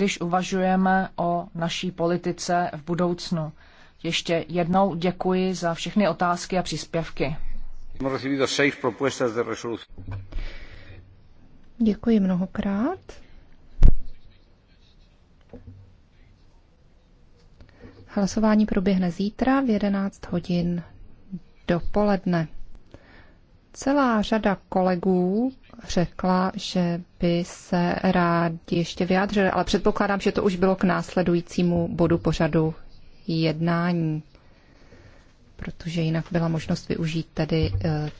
když uvažujeme o naší politice v budoucnu. Ještě jednou děkuji za všechny otázky a příspěvky. Děkuji mnohokrát. Hlasování proběhne zítra v 11 hodin dopoledne. Celá řada kolegů řekla, že by se rádi ještě vyjádřili, ale předpokládám, že to už bylo k následujícímu bodu pořadu jednání, protože jinak byla možnost využít tedy eh,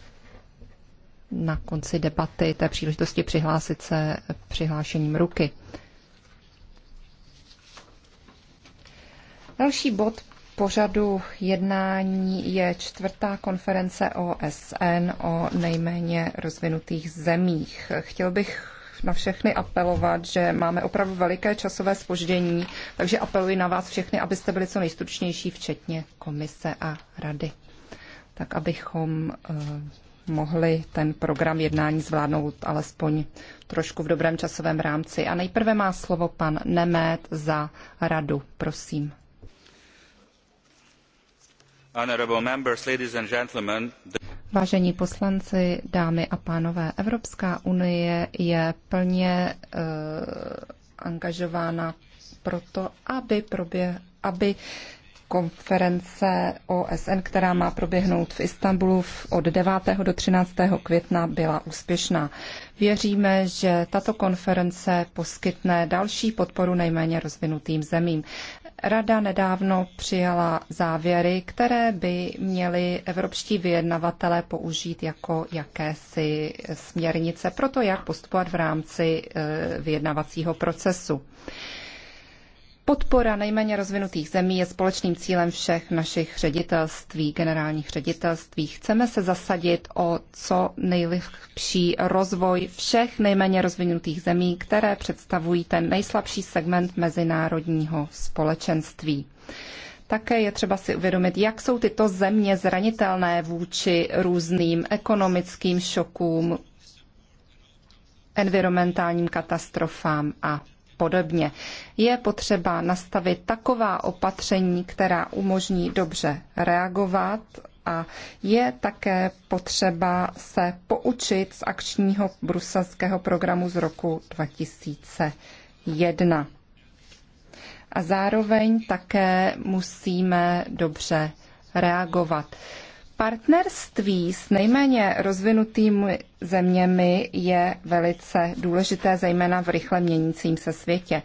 na konci debaty té příležitosti přihlásit se přihlášením ruky. Další bod pořadu jednání je čtvrtá konference OSN o nejméně rozvinutých zemích. Chtěl bych na všechny apelovat, že máme opravdu veliké časové spoždění, takže apeluji na vás všechny, abyste byli co nejstručnější, včetně komise a rady, tak abychom eh, mohli ten program jednání zvládnout alespoň trošku v dobrém časovém rámci. A nejprve má slovo pan Nemét za radu. Prosím. Vážení poslanci, dámy a pánové, Evropská unie je plně uh, angažována proto, aby, aby konference OSN, která má proběhnout v Istanbulu od 9. do 13. května, byla úspěšná. Věříme, že tato konference poskytne další podporu nejméně rozvinutým zemím. Rada nedávno přijala závěry, které by měly evropští vyjednavatele použít jako jakési směrnice pro to, jak postupovat v rámci eh, vyjednavacího procesu. Podpora nejméně rozvinutých zemí je společným cílem všech našich ředitelství, generálních ředitelství. Chceme se zasadit o co nejlepší rozvoj všech nejméně rozvinutých zemí, které představují ten nejslabší segment mezinárodního společenství. Také je třeba si uvědomit, jak jsou tyto země zranitelné vůči různým ekonomickým šokům, environmentálním katastrofám a podobně. Je potřeba nastavit taková opatření, která umožní dobře reagovat a je také potřeba se poučit z akčního bruselského programu z roku 2001. A zároveň také musíme dobře reagovat. Partnerství s nejméně rozvinutými zeměmi je velice důležité, zejména v rychle měnícím se světě.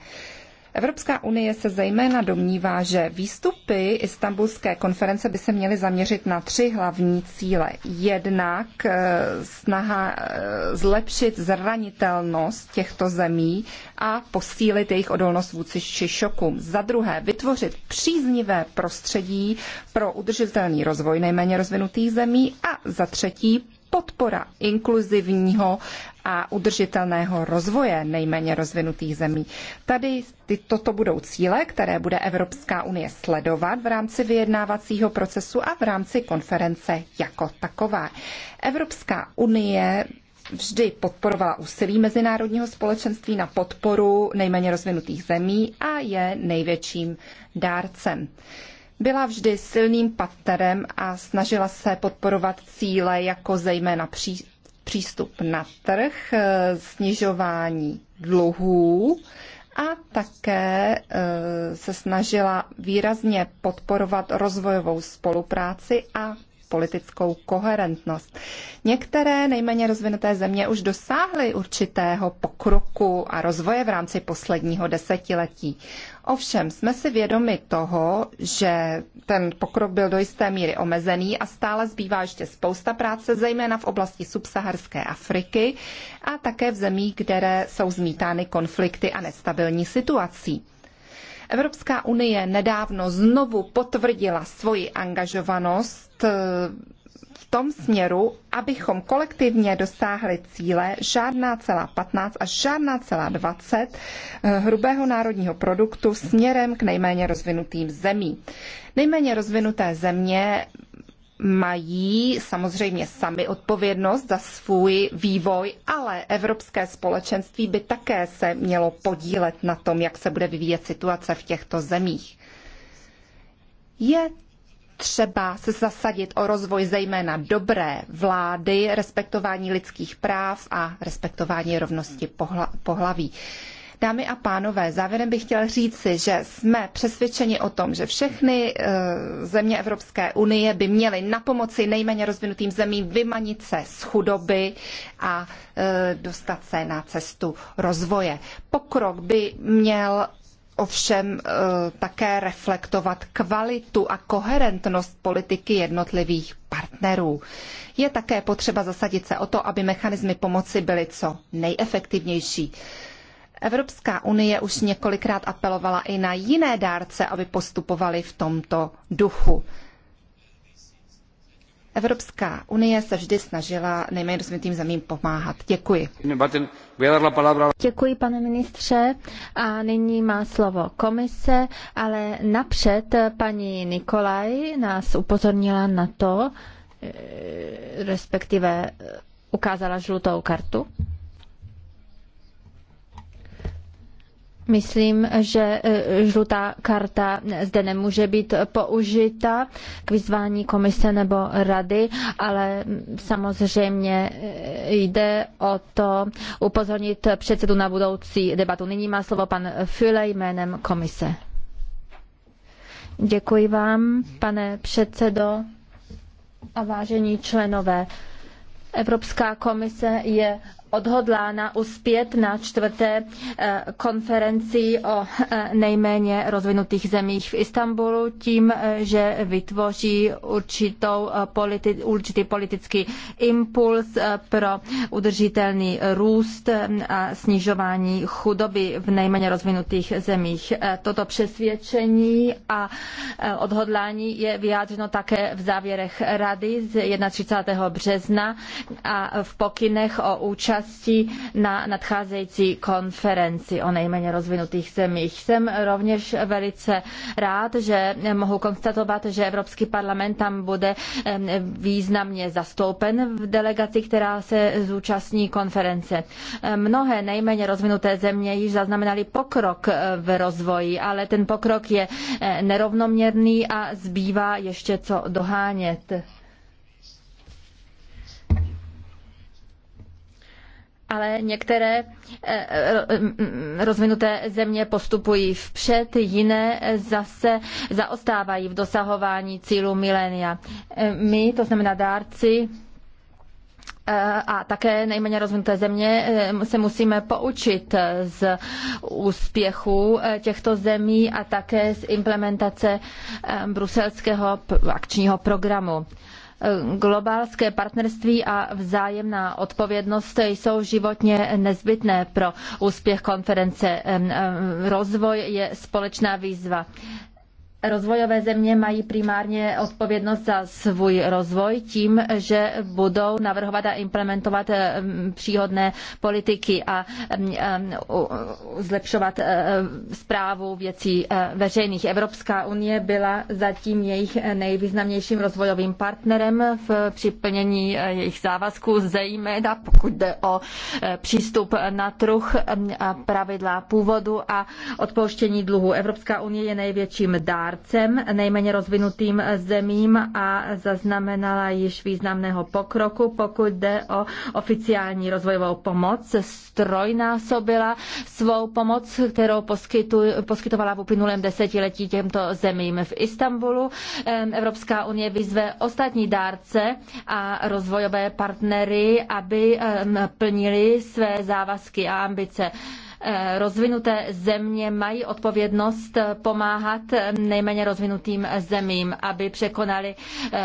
Evropská unie se zejména domnívá, že výstupy istambulské konference by se měly zaměřit na tři hlavní cíle. Jednak eh, snaha eh, zlepšit zranitelnost těchto zemí a posílit jejich odolnost vůči či šokům. Za druhé, vytvořit příznivé prostředí pro udržitelný rozvoj nejméně rozvinutých zemí a za třetí, podpora inkluzivního a udržitelného rozvoje nejméně rozvinutých zemí. Tady ty, toto budou cíle, které bude Evropská unie sledovat v rámci vyjednávacího procesu a v rámci konference jako takové. Evropská unie vždy podporovala úsilí mezinárodního společenství na podporu nejméně rozvinutých zemí a je největším dárcem. Byla vždy silným partnerem a snažila se podporovat cíle jako zejména pří, přístup na trh, eh, snižování dluhů a také eh, se snažila výrazně podporovat rozvojovou spolupráci a politickou koherentnost. Některé nejméně rozvinuté země už dosáhly určitého pokroku a rozvoje v rámci posledního desetiletí. Ovšem jsme si vědomi toho, že ten pokrok byl do jisté míry omezený a stále zbývá ještě spousta práce, zejména v oblasti subsaharské Afriky a také v zemích, kde jsou zmítány konflikty a nestabilní situací. Evropská unie nedávno znovu potvrdila svoji angažovanost eh, v tom směru, abychom kolektivně dosáhli cíle žádná celá 15 až žádná celá 20 eh, hrubého národního produktu směrem k nejméně rozvinutým zemím. Nejméně rozvinuté země mají samozřejmě sami odpovědnost za svůj vývoj, ale evropské společenství by také se mělo podílet na tom, jak se bude vyvíjet situace v těchto zemích. Je třeba se zasadit o rozvoj zejména dobré vlády, respektování lidských práv a respektování rovnosti pohla, pohlaví. Dámy a pánové, závěrem bych chtěl říci, že jsme přesvědčeni o tom, že všechny eh, země Evropské unie by měly na pomoci nejméně rozvinutým zemím vymanit se z chudoby a eh, dostat se na cestu rozvoje. Pokrok by měl ovšem eh, také reflektovat kvalitu a koherentnost politiky jednotlivých partnerů. Je také potřeba zasadit se o to, aby mechanismy pomoci byly co nejefektivnější. Evropská unie už několikrát apelovala i na jiné dárce, aby postupovali v tomto duchu. Evropská unie se vždy snažila nejméně rozvinutým zemím pomáhat. Děkuji. Děkuji, pane ministře. A nyní má slovo komise, ale napřed paní Nikolaj nás upozornila na to, eh, respektive eh, ukázala žlutou kartu. Myslím, že e, žlutá karta zde nemůže být použita k vyzvání komise nebo rady, ale samozřejmě e, jde o to upozornit předsedu na budoucí debatu. Nyní má slovo pan Füle jménem komise. Děkuji vám, pane předsedo a vážení členové. Evropská komise je odhodlána uspět na čtvrté eh, konferenci o eh, nejméně rozvinutých zemích v Istanbulu tím, eh, že vytvoří určitou politi- určitý politický impuls pro udržitelný růst a snižování chudoby v nejméně rozvinutých zemích. Toto přesvědčení a odhodlání je vyjádřeno také v závěrech rady z 31. března a v pokynech o účast účasti na nadcházející konferenci o nejméně rozvinutých zemích. Jsem rovněž velice rád, že mohu konstatovat, že Evropský parlament tam bude významně zastoupen v delegaci, která se zúčastní konference. Mnohé nejméně rozvinuté země již zaznamenaly pokrok eh, v rozvoji, ale ten pokrok je eh, nerovnoměrný a zbývá ještě co dohánět. ale některé eh, eh, rozvinuté země postupují vpřed, jiné zase zaostávají v dosahování cílu milénia. Eh, my, to znamená dárci, a také nejméně rozvinuté země se musíme poučit z úspěchu těchto zemí a také z implementace bruselského akčního programu globálské partnerství a vzájemná odpovědnost jsou životně nezbytné pro úspěch konference. Rozvoj je společná výzva rozvojové země mají primárně odpovědnost za svůj rozvoj tím, že budou navrhovat a implementovat eh, příhodné politiky a eh, zlepšovat zprávu eh, věcí veřejných. Evropská unie byla zatím jejich nejvýznamnějším rozvojovým partnerem v připlnění jejich závazků, zejména pokud jde o přístup na trh, pravidla původu a odpouštění dluhu. Evropská unie je největším dárcem dárcem nejméně rozvinutým zemím a zaznamenala již významného pokroku, pokud jde o oficiální rozvojovou pomoc. Strojnásobila svou pomoc, kterou poskytovala v uplynulém desetiletí těmto zemím. V Istanbulu Evropská unie vyzve ostatní dárce a rozvojové partnery, aby plnili své závazky a ambice. Eh, rozvinuté země mají odpovědnost eh, pomáhat eh, nejméně rozvinutým zemím, aby překonali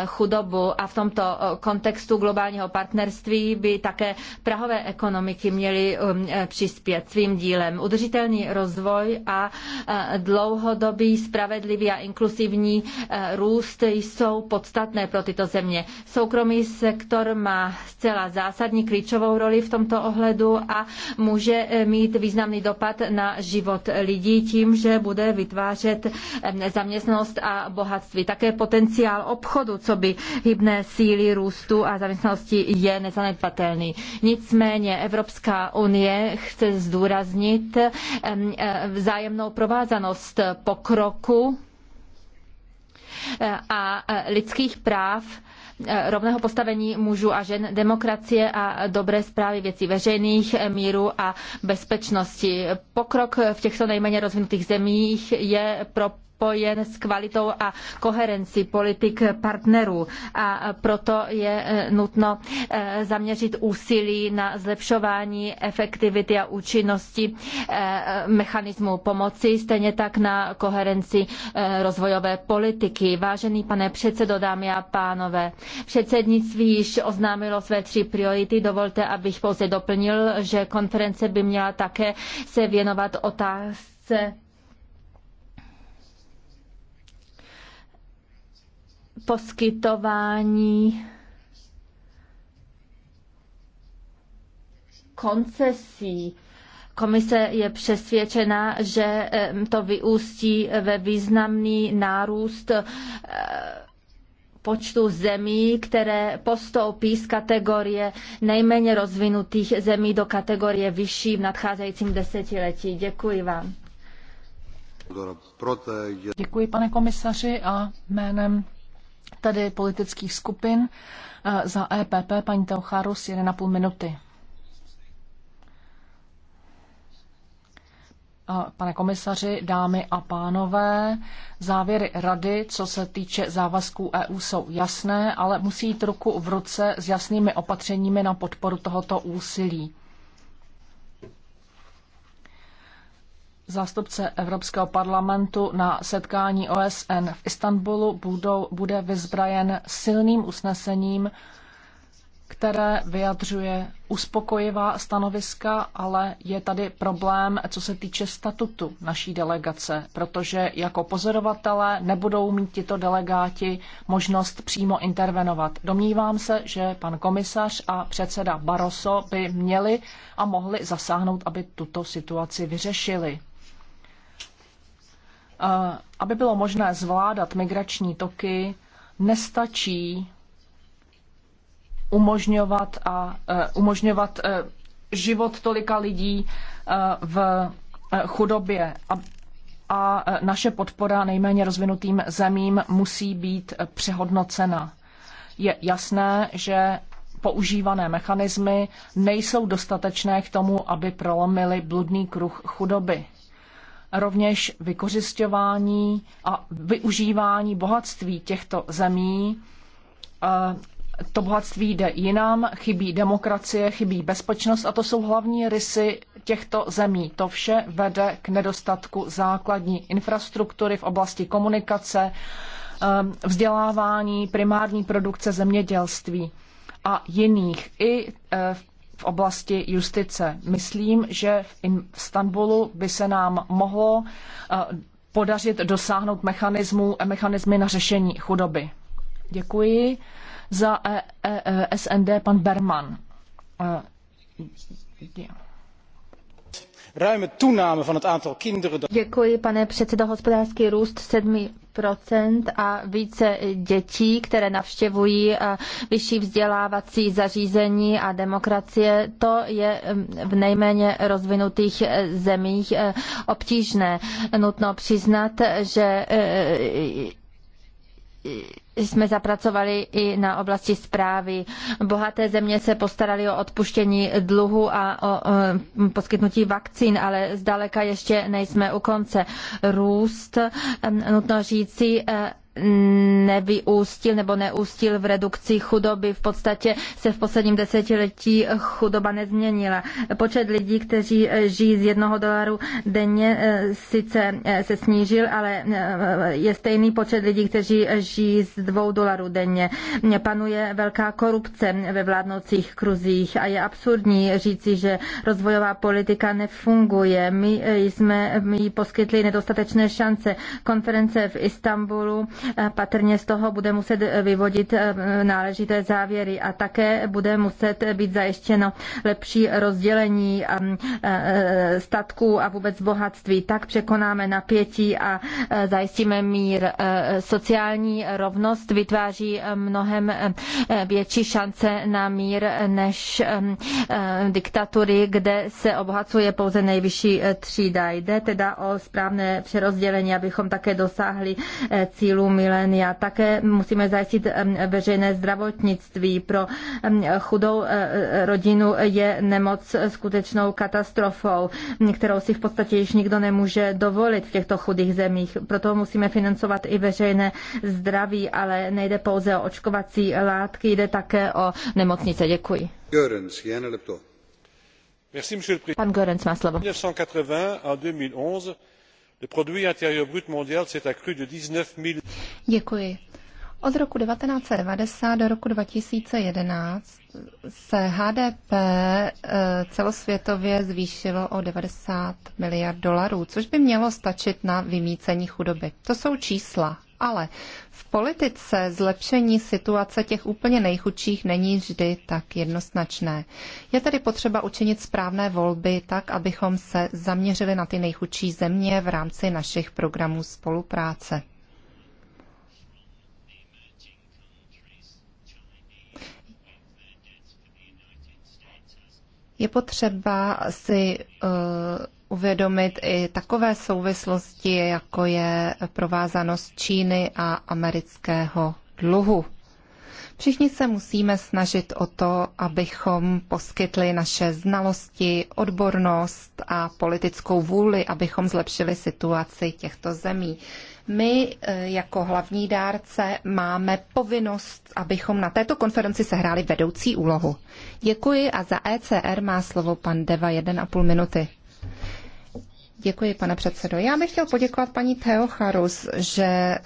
chudobu a v tomto kontextu globálního partnerství by také prahové ekonomiky měly um, přispět svým dílem. Udržitelný rozvoj a dlouhodobý, spravedlivý a inkluzivní růst jsou podstatné pro tyto země. Soukromý sektor má zcela zásadní klíčovou roli v tomto ohledu a může mít významný významný dopad na život lidí tím, že bude vytvářet zaměstnanost a bohatství. Také potenciál obchodu, co by hybné síly růstu a zaměstnanosti je nezanedbatelný. Nicméně Evropská unie chce zdůraznit e, vzájemnou provázanost pokroku e, a e, lidských práv Eh, rovného postavení mužů a žen, demokracie a dobré zprávy věcí veřejných, eh, míru a bezpečnosti. Pokrok v těchto nejméně rozvinutých zemích je pro spojen s kvalitou a koherencí politik partnerů. A proto je eh, nutno eh, zaměřit úsilí na zlepšování efektivity a účinnosti eh, mechanismu pomoci, stejně tak na koherenci rozvojové politiky. Vážený pane předsedo, dámy a pánové, předsednictví již oznámilo své tři priority. Dovolte, abych pouze doplnil, že konference by měla také se věnovat otázce poskytování koncesí. Komise je přesvědčena, že to vyústí ve významný nárůst eh, počtu zemí, které postoupí z kategorie nejméně rozvinutých zemí do kategorie vyšší v nadcházejícím desetiletí. Děkuji vám. Děkuji, pane komisaři, a jménem tedy politických skupin. Eh, za EPP paní Teocharus 1,5 minuty. Eh, pane komisaři, dámy a pánové, závěry rady, co se týče závazků EU, jsou jasné, ale musí jít ruku v ruce s jasnými opatřeními na podporu tohoto úsilí. Zástupce Evropského parlamentu na setkání OSN v Istanbulu budou, bude vyzbrajen silným usnesením, které vyjadřuje uspokojivá stanoviska, ale je tady problém, co se týče statutu naší delegace, protože jako pozorovatelé nebudou mít tito delegáti možnost přímo intervenovat. Domnívám se, že pan komisař a předseda Barroso by měli a mohli zasáhnout, aby tuto situaci vyřešili aby bylo možné zvládat migrační toky, nestačí umožňovat, a, e, umožňovat e, život tolika lidí e, v chudobě. A, a naše podpora nejméně rozvinutým zemím musí být přehodnocena. Je jasné, že používané mechanismy nejsou dostatečné k tomu, aby prolomily bludný kruh chudoby rovněž vykořišťování a využívání bohatství těchto zemí. Eh, to bohatství jde jinam, chybí demokracie, chybí bezpečnost a to jsou hlavní rysy těchto zemí. To vše vede k nedostatku základní infrastruktury v oblasti komunikace, eh, vzdělávání, primární produkce zemědělství a jiných. I eh, v v oblasti justice. Myslím, že v Istanbulu by se nám mohlo eh, podařit dosáhnout mechanismu, mechanismy na řešení chudoby. Děkuji. Za e, e, e, SND pan Berman. Eh, Děkuji, pane předsedo. Hospodářský růst 7 a více dětí, které navštěvují eh, vyšší vzdělávací zařízení a demokracie, to je mm, v nejméně rozvinutých eh, zemích eh, obtížné. Nutno přiznat, že jsme zapracovali i na oblasti zprávy. Bohaté země se postarali o odpuštění dluhu a o, poskytnutí vakcín, ale zdaleka ještě nejsme u konce. Růst, um, nutno říci, eh, nevyústil nebo neústil v redukci chudoby. V podstatě se v posledním desetiletí chudoba nezměnila. Počet lidí, kteří žijí z jednoho dolaru denně, eh, sice eh, se snížil, ale eh, je stejný počet lidí, kteří žijí z dvou dolarů denně. Panuje velká korupce ve vládnoucích kruzích a je absurdní říci, že rozvojová politika nefunguje. My jsme jí poskytli nedostatečné šance. Konference v Istanbulu patrně z toho bude muset vyvodit eh, náležité závěry a také bude muset být zajištěno lepší rozdělení ehm, eh, statků a vůbec bohatství. Tak překonáme napětí a eh, zajistíme mír. Sociální rovnost vytváří mnohem větší šance na mír než ehm, diktatury, kde se obohacuje pouze nejvyšší třída. Jde teda o správné přerozdělení, abychom také dosáhli cílů milénia. Také musíme zajistit veřejné zdravotnictví. Pro chudou e, e, rodinu je nemoc skutečnou katastrofou, kterou si v podstatě již nikdo nemůže dovolit v těchto chudých zemích. Proto musíme financovat i veřejné zdraví, ale nejde pouze o očkovací látky, jde také o nemocnice. Děkuji. Görens, Pan Görens má slovo. Děkuji. Od roku 1990 do roku 2011 se HDP eh, celosvětově zvýšilo o 90 miliard dolarů, což by mělo stačit na vymícení chudoby. To jsou čísla, ale v politice zlepšení situace těch úplně nejchudších není vždy tak jednoznačné. Je tedy potřeba učinit správné volby tak, abychom se zaměřili na ty nejchudší země v rámci našich programů spolupráce. Je potřeba si uh, uvědomit i takové souvislosti, jako je provázanost Číny a amerického dluhu. Všichni se musíme snažit o to, abychom poskytli naše znalosti, odbornost a politickou vůli, abychom zlepšili situaci těchto zemí. My eh, jako hlavní dárce máme povinnost, abychom na této konferenci sehráli vedoucí úlohu. Děkuji a za ECR má slovo pan Deva 1,5 minuty. Děkuji, pane předsedo. Já bych chtěl poděkovat paní Theocharous, že eh,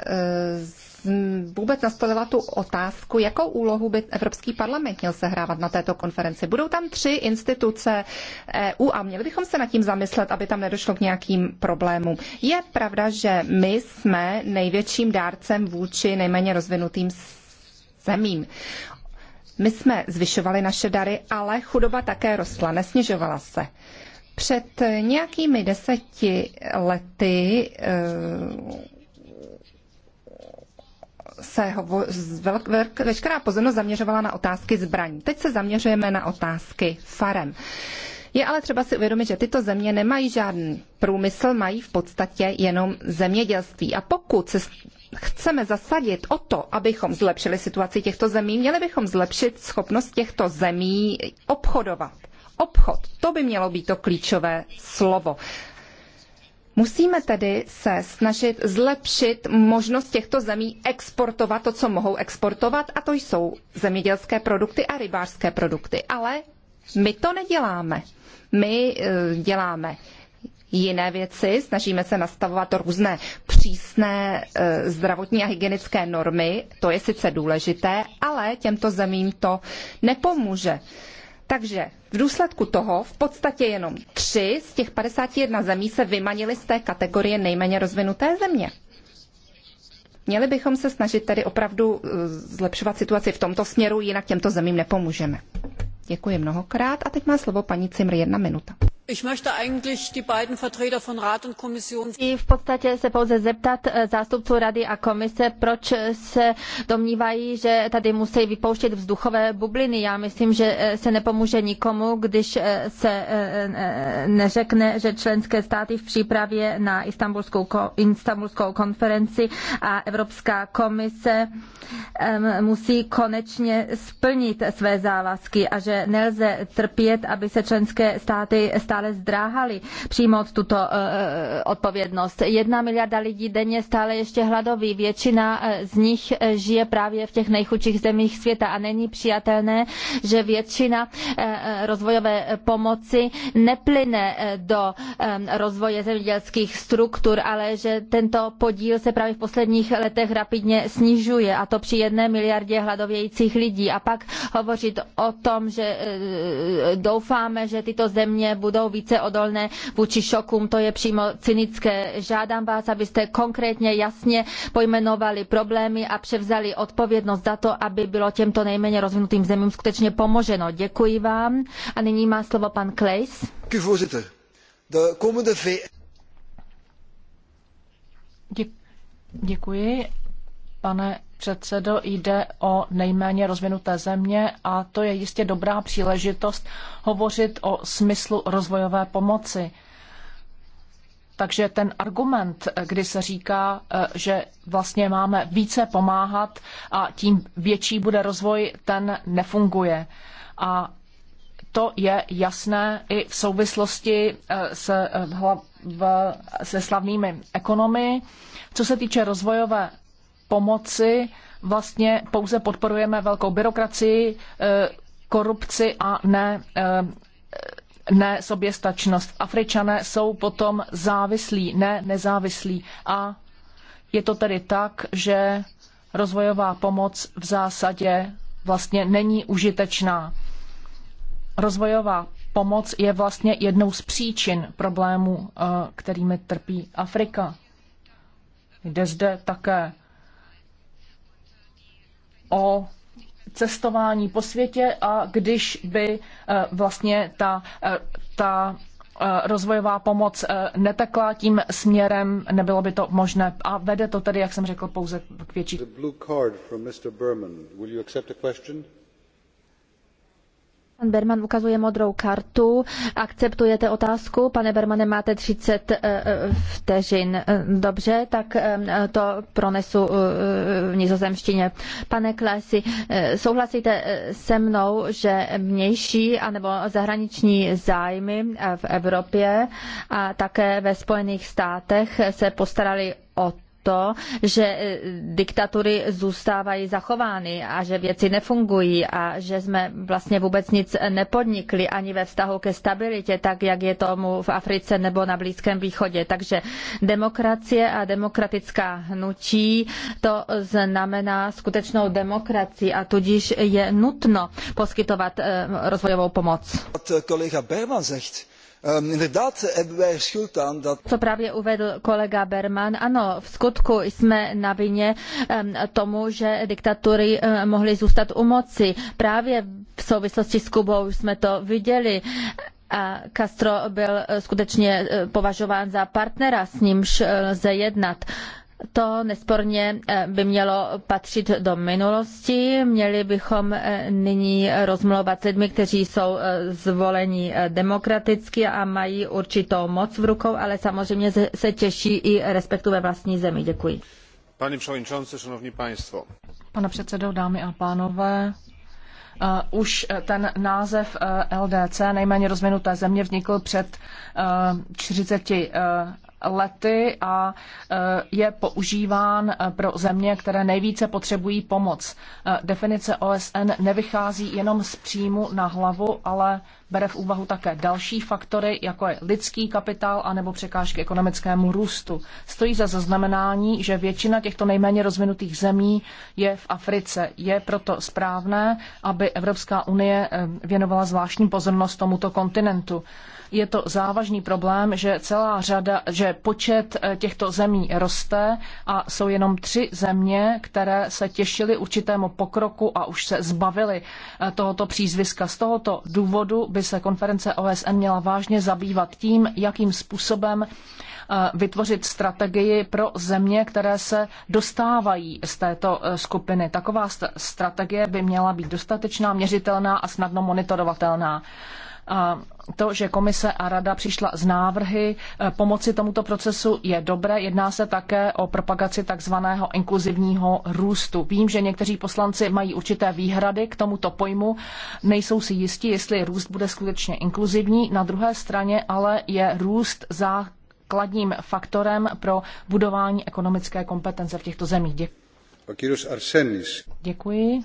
vůbec nastolila tu otázku, jakou úlohu by Evropský parlament měl sehrávat na této konferenci. Budou tam tři instituce EU a měli bychom se nad tím zamyslet, aby tam nedošlo k nějakým problémům. Je pravda, že my jsme největším dárcem vůči nejméně rozvinutým zemím. My jsme zvyšovali naše dary, ale chudoba také rostla, nesnižovala se. Před nějakými deseti lety eh, se hovo, velk, velk, veškerá pozornost zaměřovala na otázky zbraní. Teď se zaměřujeme na otázky farem. Je ale třeba si uvědomit, že tyto země nemají žádný průmysl, mají v podstatě jenom zemědělství. A pokud se chceme zasadit o to, abychom zlepšili situaci těchto zemí, měli bychom zlepšit schopnost těchto zemí obchodovat obchod. To by mělo být to klíčové slovo. Musíme tedy se snažit zlepšit možnost těchto zemí exportovat to, co mohou exportovat, a to jsou zemědělské produkty a rybářské produkty. Ale my to neděláme. My e, děláme jiné věci, snažíme se nastavovat různé přísné e, zdravotní a hygienické normy, to je sice důležité, ale těmto zemím to nepomůže. Takže v důsledku toho v podstatě jenom tři z těch 51 zemí se vymanily z té kategorie nejméně rozvinuté země. Měli bychom se snažit tedy opravdu uh, zlepšovat situaci v tomto směru, jinak těmto zemím nepomůžeme. Děkuji mnohokrát a teď má slovo paní Cimr jedna minuta v podstatě se pouze zeptat eh, zástupců Rady a Komise, proč se domnívají, že tady musí vypouštět vzduchové bubliny. Já myslím, že eh, se nepomůže nikomu, když eh, se neřekne, že členské státy v přípravě na Istanbulskou, konferenci a Evropská komise musí konečně splnit své závazky a že nelze trpět, aby se členské státy stály stále zdráhali přijmout tuto eh, eh, odpovědnost. Jedna miliarda lidí denně stále ještě hladoví. Většina eh, z nich žije právě v těch nejchudších zemích světa a není přijatelné, že většina rozvojové pomoci neplyne do rozvoje zemědělských struktur, ale že tento podíl se právě v posledních letech rapidně snižuje a to při jedné miliardě hladovějících lidí. A pak hovořit o tom, že doufáme, že tyto země budou jsou více odolné vůči šokům. To je přímo cynické. Žádám vás, abyste konkrétně jasně pojmenovali problémy a převzali odpovědnost za to, aby bylo těmto nejméně rozvinutým zemím skutečně pomoženo. Děkuji vám. A nyní má slovo pan Klejs. Děkuji, pane předsedo, jde o nejméně rozvinuté země a to je jistě dobrá příležitost hovořit o smyslu rozvojové pomoci. Takže ten argument, kdy se říká, eh, že vlastně máme více pomáhat a tím větší bude rozvoj, ten nefunguje. A to je jasné i v souvislosti eh, se, eh, se slavnými ekonomy. Co se týče rozvojové pomoci vlastně pouze podporujeme velkou byrokracii, eh, korupci a ne, eh, ne soběstačnost. Afričané jsou potom závislí, ne nezávislí. A je to tedy tak, že rozvojová pomoc v zásadě vlastně není užitečná. Rozvojová pomoc je vlastně jednou z příčin problémů, eh, kterými trpí Afrika. Jde zde také o cestování po světě a když by eh, vlastně ta, eh, ta eh, rozvojová pomoc netekla tím směrem, nebylo by to možné. A vede to tedy, jak jsem řekl, pouze k větší. Pan Berman ukazuje modrou kartu. Akceptujete otázku? Pane Bermane, máte 30 eh, eh, vteřin. Eh, dobře, tak to pronesu v nizozemštině. Pane Klesi, souhlasíte se mnou, že mější anebo zahraniční zájmy v Evropě a také ve Spojených státech se postarali o to, že e, diktatury zůstávají zachovány a že věci nefungují a že jsme vlastně vůbec nic nepodnikli ani ve vztahu ke stabilitě, tak jak je tomu v Africe nebo na Blízkém východě. Takže demokracie a demokratická hnutí, to znamená skutečnou demokracii a tudíž je nutno poskytovat e, rozvojovou pomoc. Kolega Berman zegt. Ehm, Co právě uvedl kolega Berman, ano, v skutku jsme na vině ehm, tomu, že diktatury ehm, mohly zůstat u moci. Právě v souvislosti s Kubou jsme to viděli a Castro byl eh, skutečně eh, považován za partnera, s nímž eh, lze jednat. To nesporně eh, by mělo patřit do minulosti. Měli bychom eh, nyní rozmlouvat s lidmi, kteří jsou eh, zvoleni demokraticky a mají určitou moc v rukou, ale samozřejmě se těší i respektu ve vlastní zemi. Děkuji. Pane předsedající, šanovní Pane předsedo, dámy a pánové, Uh, už ten název uh, LDC, nejméně rozvinuté země, vznikl před uh, 40 lety a eh, je používán eh, pro země, které nejvíce potřebují pomoc. Eh, definice OSN nevychází jenom z příjmu na hlavu, ale bere v úvahu také další faktory, jako je lidský kapitál anebo překážky ekonomickému růstu. Stojí za zaznamenání, že většina těchto nejméně rozvinutých zemí je v Africe. Je proto správné, aby Evropská unie eh, věnovala zvláštní pozornost tomuto kontinentu. Je to závažný problém, že celá řada, že počet eh, těchto zemí roste a jsou jenom tři země, které se těšily určitému pokroku a už se zbavily eh, tohoto přízviska. Z tohoto důvodu by se konference OSN měla vážně zabývat tím, jakým způsobem eh, vytvořit strategii pro země, které se dostávají z této eh, skupiny. Taková strategie by měla být dostatečná, měřitelná a snadno monitorovatelná to, že komise a rada přišla z návrhy e, pomoci tomuto procesu je dobré. Jedná se také o propagaci takzvaného inkluzivního růstu. Vím, že někteří poslanci mají určité výhrady k tomuto pojmu, nejsou si jistí, jestli růst bude skutečně inkluzivní. Na druhé straně ale je růst základním faktorem pro budování ekonomické kompetence v těchto zemích. Děkuji. Děkuji.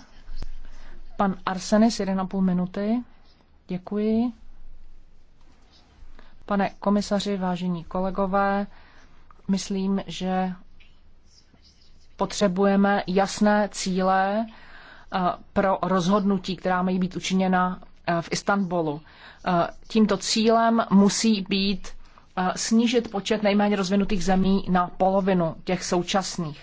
Pan Arsenis, 1,5 minuty. Děkuji. Pane komisaři, vážení kolegové, myslím, že potřebujeme jasné cíle eh, pro rozhodnutí, která mají být učiněna eh, v Istanbulu. Eh, tímto cílem musí být snížit počet nejméně rozvinutých zemí na polovinu těch současných.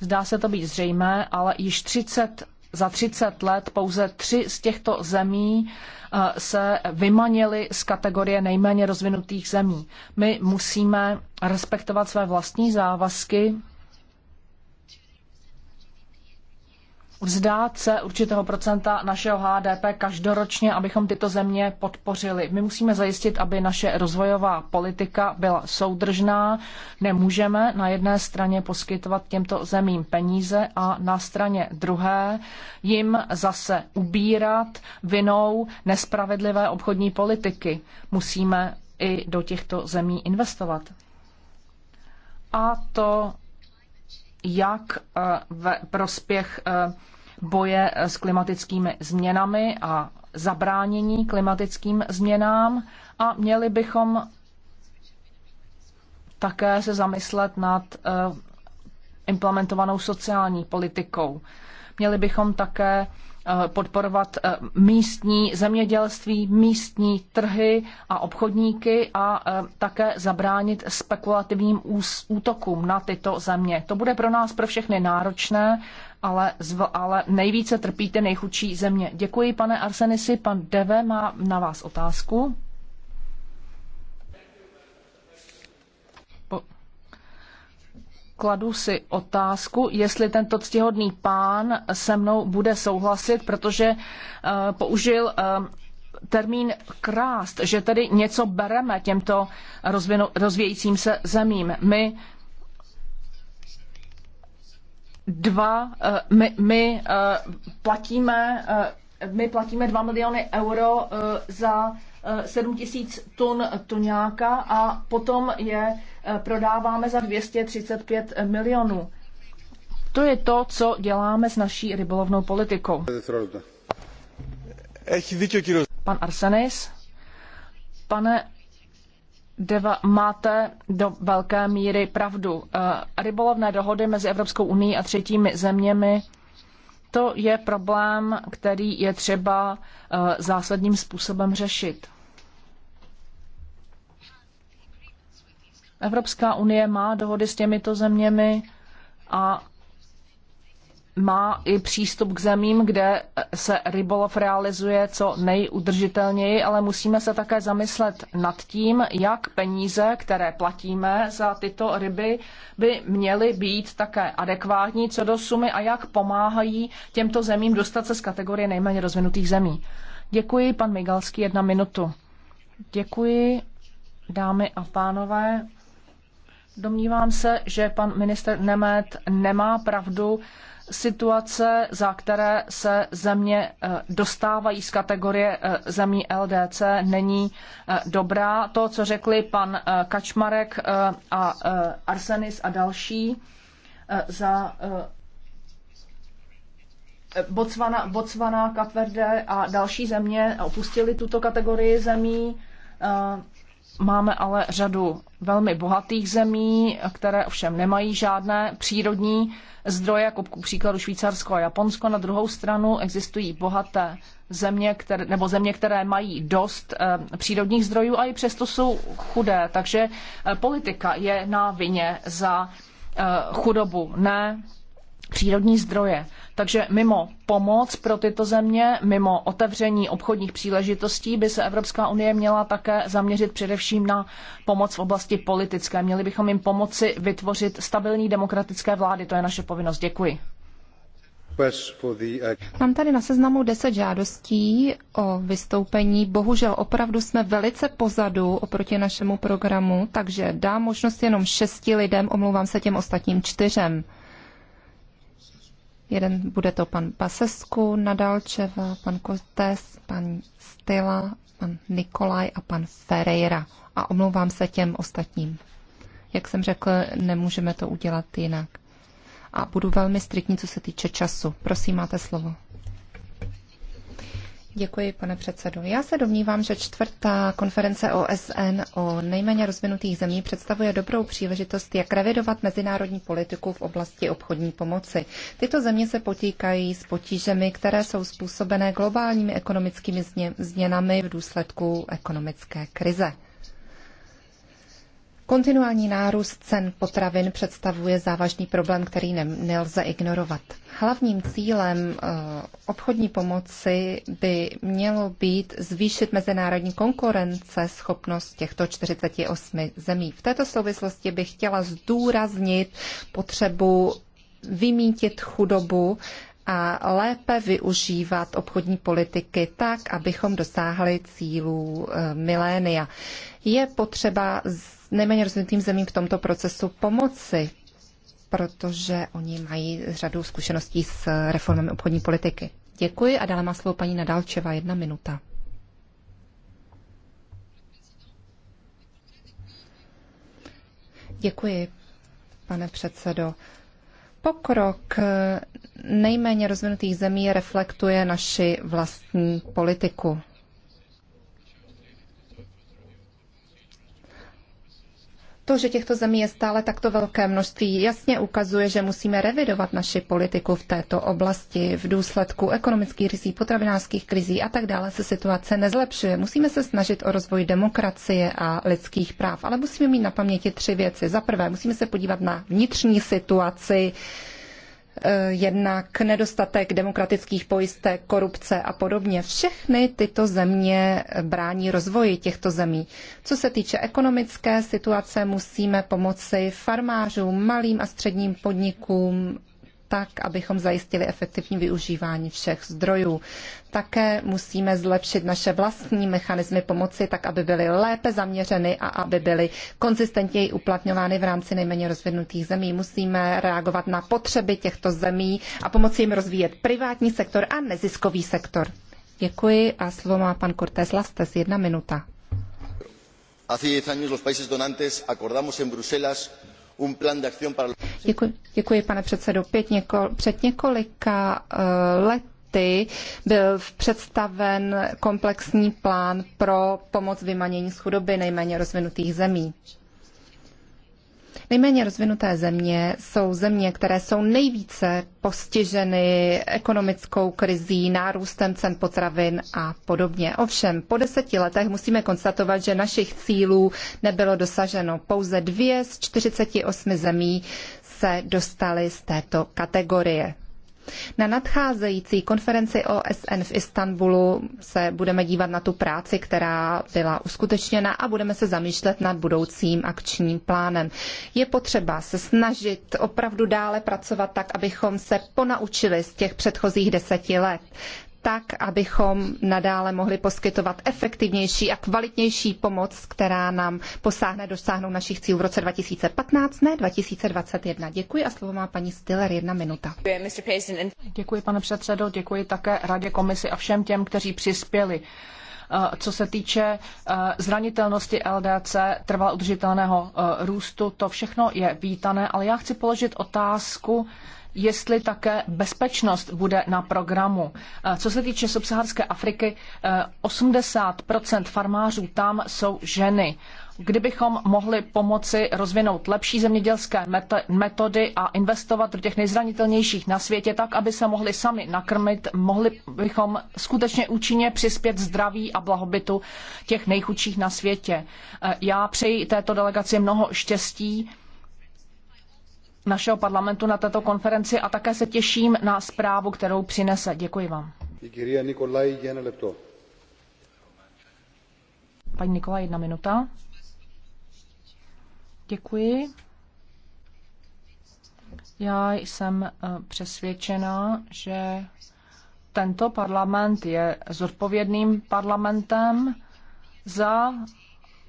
Zdá se to být zřejmé, ale již 30 za 30 let pouze tři z těchto zemí eh, se vymanily z kategorie nejméně rozvinutých zemí. My musíme respektovat své vlastní závazky vzdát se určitého procenta našeho HDP každoročně, abychom tyto země podpořili. My musíme zajistit, aby naše rozvojová politika byla soudržná. Nemůžeme na jedné straně poskytovat těmto zemím peníze a na straně druhé jim zase ubírat vinou nespravedlivé obchodní politiky. Musíme i do těchto zemí investovat. A to jak eh, ve prospěch eh, boje eh, s klimatickými změnami a zabránění klimatickým změnám a měli bychom také se zamyslet nad implementovanou sociální politikou. Měli bychom také Eh, podporovat eh, místní zemědělství, místní trhy a obchodníky a eh, také zabránit spekulativním útokům na tyto země. To bude pro nás pro všechny náročné, ale, ale nejvíce trpíte nejchudší země. Děkuji, pane Arsenisi. Pan Deve má na vás otázku. kladu si otázku, jestli tento ctihodný pán se mnou bude souhlasit, protože eh, použil eh, termín krást, že tedy něco bereme těmto rozvinu, rozvějícím se zemím. My dva, eh, my, my platíme my platíme 2 miliony euro za 7 tisíc tun tuňáka a potom je eh, prodáváme za 235 milionů. To je to, co děláme s naší rybolovnou politikou. Pan Arsenis, pane Deva, máte do velké míry pravdu. Eh, rybolovné dohody mezi Evropskou unii a třetími zeměmi, to je problém, který je třeba eh, zásadním způsobem řešit. Evropská unie má dohody s těmito zeměmi a má i přístup k zemím, kde se rybolov realizuje co nejudržitelněji, ale musíme se také zamyslet nad tím, jak peníze, které platíme za tyto ryby, by měly být také adekvátní co do sumy a jak pomáhají těmto zemím dostat se z kategorie nejméně rozvinutých zemí. Děkuji, pan Migalský, jedna minutu. Děkuji, dámy a pánové. Domnívám se, že pan minister Nemet nemá pravdu. Situace, za které se země eh, dostávají z kategorie eh, zemí LDC, není eh, dobrá. To, co řekli pan Kačmarek a Arsenis a další za Botswana, Botswana Katverde a další země opustili tuto kategorii zemí. Máme ale řadu velmi bohatých zemí, které ovšem nemají žádné přírodní zdroje, jako k příkladu Švýcarsko a Japonsko. Na druhou stranu existují bohaté země, které, nebo země, které mají dost e, přírodních zdrojů a i přesto jsou chudé. Takže e, politika je na vině za e, chudobu, ne přírodní zdroje. Takže mimo pomoc pro tyto země, mimo otevření obchodních příležitostí by se Evropská unie měla také zaměřit především na pomoc v oblasti politické. Měli bychom jim pomoci vytvořit stabilní demokratické vlády. To je naše povinnost. Děkuji. Mám tady na seznamu deset žádostí o vystoupení. Bohužel opravdu jsme velice pozadu oproti našemu programu, takže dám možnost jenom šesti lidem, omlouvám se těm ostatním čtyřem. Jeden bude to pan Pasesku, Nadalčeva, pan Kostes, pan Styla, pan Nikolaj a pan Ferreira. A omlouvám se těm ostatním. Jak jsem řekl, nemůžeme to udělat jinak. A budu velmi striktní, co se týče času. Prosím, máte slovo. Děkuji, pane předsedo. Já se domnívám, že čtvrtá konference OSN o nejméně rozvinutých zemí představuje dobrou příležitost, jak revidovat mezinárodní politiku v oblasti obchodní pomoci. Tyto země se potýkají s potížemi, které jsou způsobené globálními ekonomickými změnami v důsledku ekonomické krize. Kontinuální nárůst cen potravin představuje závažný problém, který ne, nelze ignorovat. Hlavním cílem eh, obchodní pomoci by mělo být zvýšit mezinárodní konkurence schopnost těchto 48 zemí. V této souvislosti bych chtěla zdůraznit potřebu vymítit chudobu a lépe využívat obchodní politiky tak, abychom dosáhli cílů eh, milénia. Je potřeba nejméně rozvinutým zemím v tomto procesu pomoci, protože oni mají řadu zkušeností s reformami obchodní politiky. Děkuji a dále má slovo paní Nadalčeva, jedna minuta. Děkuji, pane předsedo. Pokrok nejméně rozvinutých zemí reflektuje naši vlastní politiku. To, že těchto zemí je stále takto velké množství, jasně ukazuje, že musíme revidovat naši politiku v této oblasti. V důsledku ekonomických krizí, potravinářských krizí a tak dále se situace nezlepšuje. Musíme se snažit o rozvoj demokracie a lidských práv, ale musíme mít na paměti tři věci. Za prvé, musíme se podívat na vnitřní situaci Eh, jednak nedostatek demokratických pojistek, korupce a podobně. Všechny tyto země brání rozvoji těchto zemí. Co se týče ekonomické situace, musíme pomoci farmářům, malým a středním podnikům, tak, abychom zajistili efektivní využívání všech zdrojů. Také musíme zlepšit naše vlastní mechanismy pomoci, tak aby byly lépe zaměřeny a aby byly konzistentněji uplatňovány v rámci nejméně rozvinutých zemí. Musíme reagovat na potřeby těchto zemí a pomoci jim rozvíjet privátní sektor a neziskový sektor. Děkuji a slovo má pan Cortés Lastes. Jedna minuta. Hace 10 años los países donantes acordamos en Bruselas Děkuji, pane předsedo. Pět něko, před několika uh, lety byl představen komplexní plán pro pomoc vymanění z chudoby nejméně rozvinutých zemí. Nejméně rozvinuté země jsou země, které jsou nejvíce postiženy ekonomickou krizí, nárůstem cen potravin a podobně. Ovšem, po deseti letech musíme konstatovat, že našich cílů nebylo dosaženo. Pouze dvě z 48 zemí se dostaly z této kategorie. Na nadcházející konferenci OSN v Istanbulu se budeme dívat na tu práci, která byla uskutečněna a budeme se zamýšlet nad budoucím akčním plánem. Je potřeba se snažit opravdu dále pracovat tak, abychom se ponaučili z těch předchozích deseti let tak, abychom nadále mohli poskytovat efektivnější a kvalitnější pomoc, která nám posáhne dosáhnout našich cílů v roce 2015, ne 2021. Děkuji a slovo má paní Stiller, jedna minuta. Děkuji, pane předsedo, děkuji také Radě komisi a všem těm, kteří přispěli eh, co se týče eh, zranitelnosti LDC, trvalo udržitelného eh, růstu, to všechno je vítané, ale já chci položit otázku jestli také bezpečnost bude na programu. Eh, co se týče subsaharské Afriky, 80 eh, farmářů tam jsou ženy. Kdybychom mohli pomoci rozvinout lepší zemědělské metody a investovat do těch nejzranitelnějších na světě, tak aby se mohli sami nakrmit, mohli bychom skutečně účinně přispět zdraví a blahobytu těch nejchudších na světě. Eh, já přeji této delegaci mnoho štěstí našeho parlamentu na této konferenci a také se těším na zprávu, kterou přinese. Děkuji vám. Paní Nikola, jedna minuta. Děkuji. Já jsem eh, přesvědčena, že tento parlament je zodpovědným parlamentem za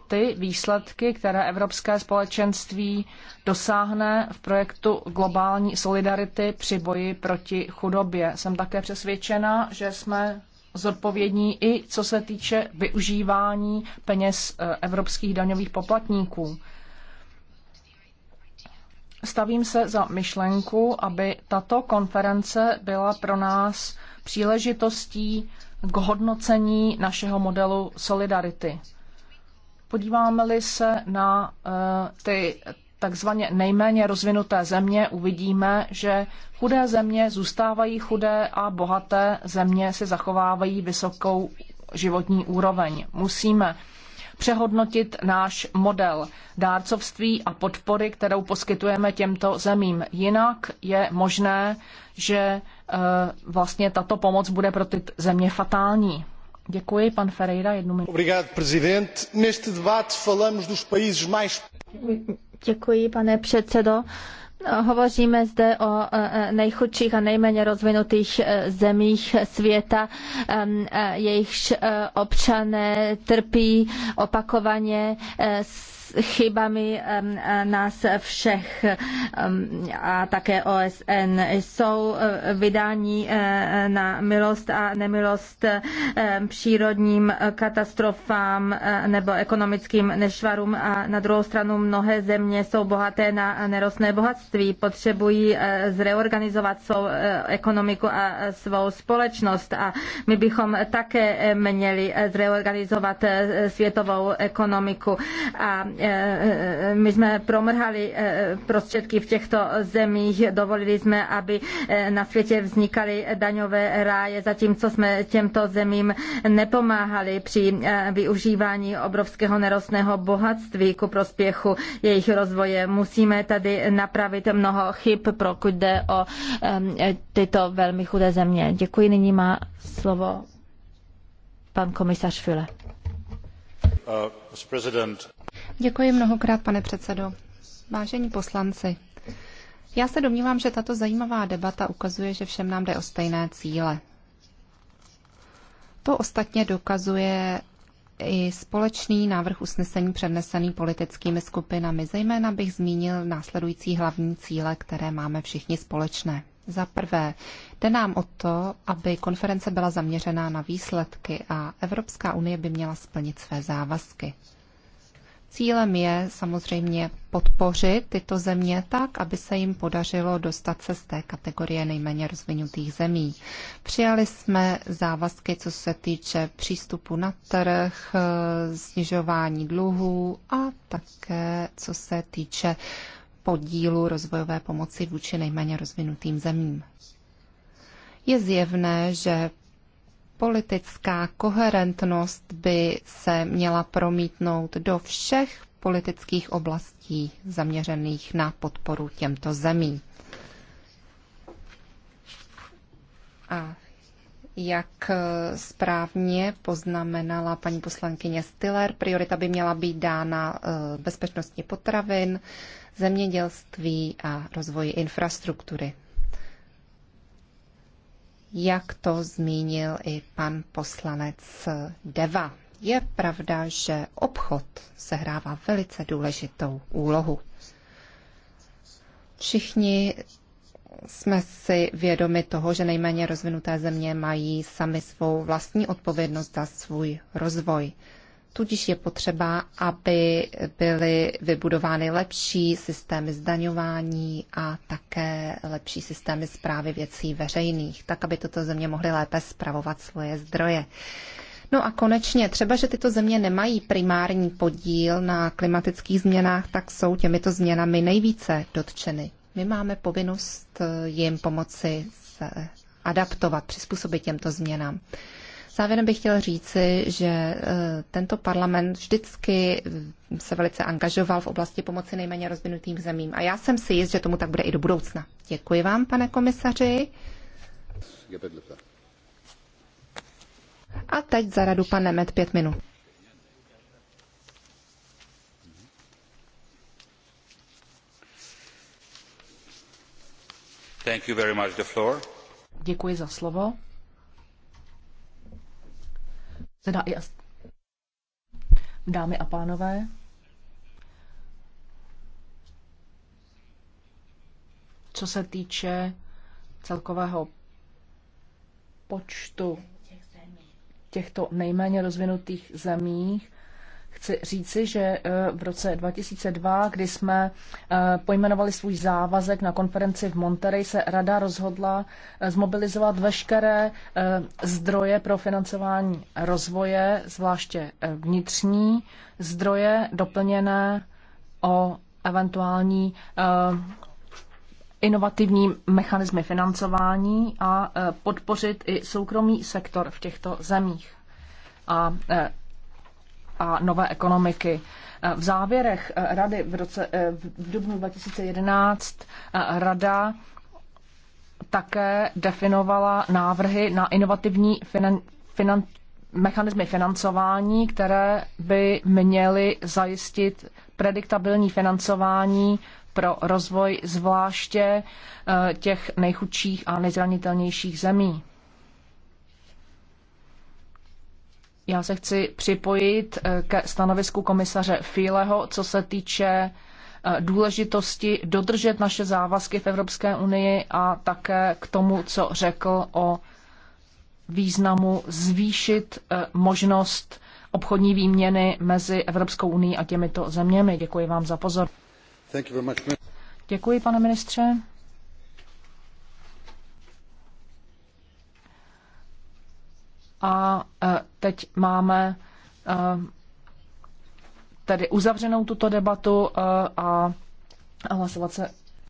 ty výsledky, které Evropské společenství dosáhne v projektu globální solidarity při boji proti chudobě. Jsem také přesvědčena, že jsme zodpovědní i co se týče využívání peněz eh, evropských daňových poplatníků. Stavím se za myšlenku, aby tato konference byla pro nás příležitostí k hodnocení našeho modelu solidarity. Podíváme-li se na eh, ty takzvaně nejméně rozvinuté země, uvidíme, že chudé země zůstávají chudé a bohaté země si zachovávají vysokou životní úroveň. Musíme přehodnotit náš model dárcovství a podpory, kterou poskytujeme těmto zemím. Jinak je možné, že eh, vlastně tato pomoc bude pro ty země fatální. Děkuji, pan Ferreira, jednu minutu. Obrigado, Neste debate falamos dos países mais... Děkuji, pane předsedo. Hovoříme zde o e, e, nejchudších a nejméně rozvinutých e, zemích světa, jejichž občané trpí opakovaně s chybami e, nás všech a také OSN. Jsou e, vydání e, na milost a nemilost přírodním katastrofám nebo ekonomickým nešvarům a na druhou stranu mnohé země jsou bohaté na nerostné bohatství, potřebují zreorganizovat svou ekonomiku a svou společnost a my bychom také měli zreorganizovat světovou ekonomiku a Eh, eh, my jsme promrhali eh, prostředky v těchto zemích, dovolili jsme, aby na světě vznikaly daňové ráje, zatímco jsme těmto zemím nepomáhali při využívání obrovského nerostného bohatství ku prospěchu jejich rozvoje. Musíme tady napravit mnoho chyb, pokud jde o tyto velmi chudé země. Děkuji, nyní má slovo pan komisař Fule. Uh, Děkuji mnohokrát, pane předsedo. Vážení poslanci, já se domnívám, že tato zajímavá debata ukazuje, že všem nám jde o stejné cíle. To ostatně dokazuje i společný návrh usnesení přednesený politickými skupinami. Zejména bych zmínil následující hlavní cíle, které máme všichni společné. Za prvé, jde nám o to, aby konference byla zaměřená na výsledky a Evropská unie by měla splnit své závazky. Cílem je samozřejmě podpořit tyto země tak, aby se jim podařilo dostat se z té kategorie nejméně rozvinutých zemí. Přijali jsme závazky, co se týče přístupu na trh, snižování dluhů a také co se týče podílu rozvojové pomoci vůči nejméně rozvinutým zemím. Je zjevné, že Politická koherentnost by se měla promítnout do všech politických oblastí zaměřených na podporu těmto zemí. A jak správně poznamenala paní poslankyně Stiller, priorita by měla být dána eh, bezpečnosti potravin, zemědělství a rozvoji infrastruktury jak to zmínil i pan poslanec Deva. Je pravda, že obchod sehrává velice důležitou úlohu. Všichni jsme si vědomi toho, že nejméně rozvinuté země mají sami svou vlastní odpovědnost za svůj rozvoj. Tudíž je potřeba, aby byly vybudovány lepší systémy zdaňování a také lepší systémy zprávy věcí veřejných, tak aby toto země mohly lépe spravovat svoje zdroje. No a konečně, třeba, že tyto země nemají primární podíl na klimatických změnách, tak jsou těmito změnami nejvíce dotčeny. My máme povinnost jim pomoci se adaptovat, přizpůsobit těmto změnám. Závěrem bych chtěl říci, že e, tento parlament vždycky e, se velice angažoval v oblasti pomoci nejméně rozvinutým zemím a já jsem si jist, že tomu tak bude i do budoucna. Děkuji vám, pane komisaři. A teď za radu pan Nemet pět minut. Děkuji za slovo. Teda i as Dámy a pánové, co se týče celkového počtu těchto nejméně rozvinutých zemích, chci říci, že eh, v roce 2002, kdy jsme eh, pojmenovali svůj závazek na konferenci v Monterey, se rada rozhodla eh, zmobilizovat veškeré zdroje pro financování rozvoje, zvláště vnitřní zdroje, doplněné o eventuální inovativní mechanismy financování a podpořit i soukromý sektor v těchto zemích. A a nové ekonomiky. Eh, v závěrech eh, rady v, roce, eh, v dubnu 2011 rada také definovala návrhy na inovativní finan, finan, mechanismy financování, které by měly zajistit prediktabilní financování pro rozvoj zvláště těch nejchudších a nejzranitelnějších zemí. Já se chci připojit eh, ke stanovisku komisaře Fíleho, co se týče eh, důležitosti dodržet naše závazky v Evropské unii a také k tomu, co řekl o významu zvýšit eh, možnost obchodní výměny mezi Evropskou unii a těmito zeměmi. Děkuji vám za pozor. Děkuji, pane ministře. a e, teď máme e, tedy uzavřenou tuto debatu e, a hlasovat se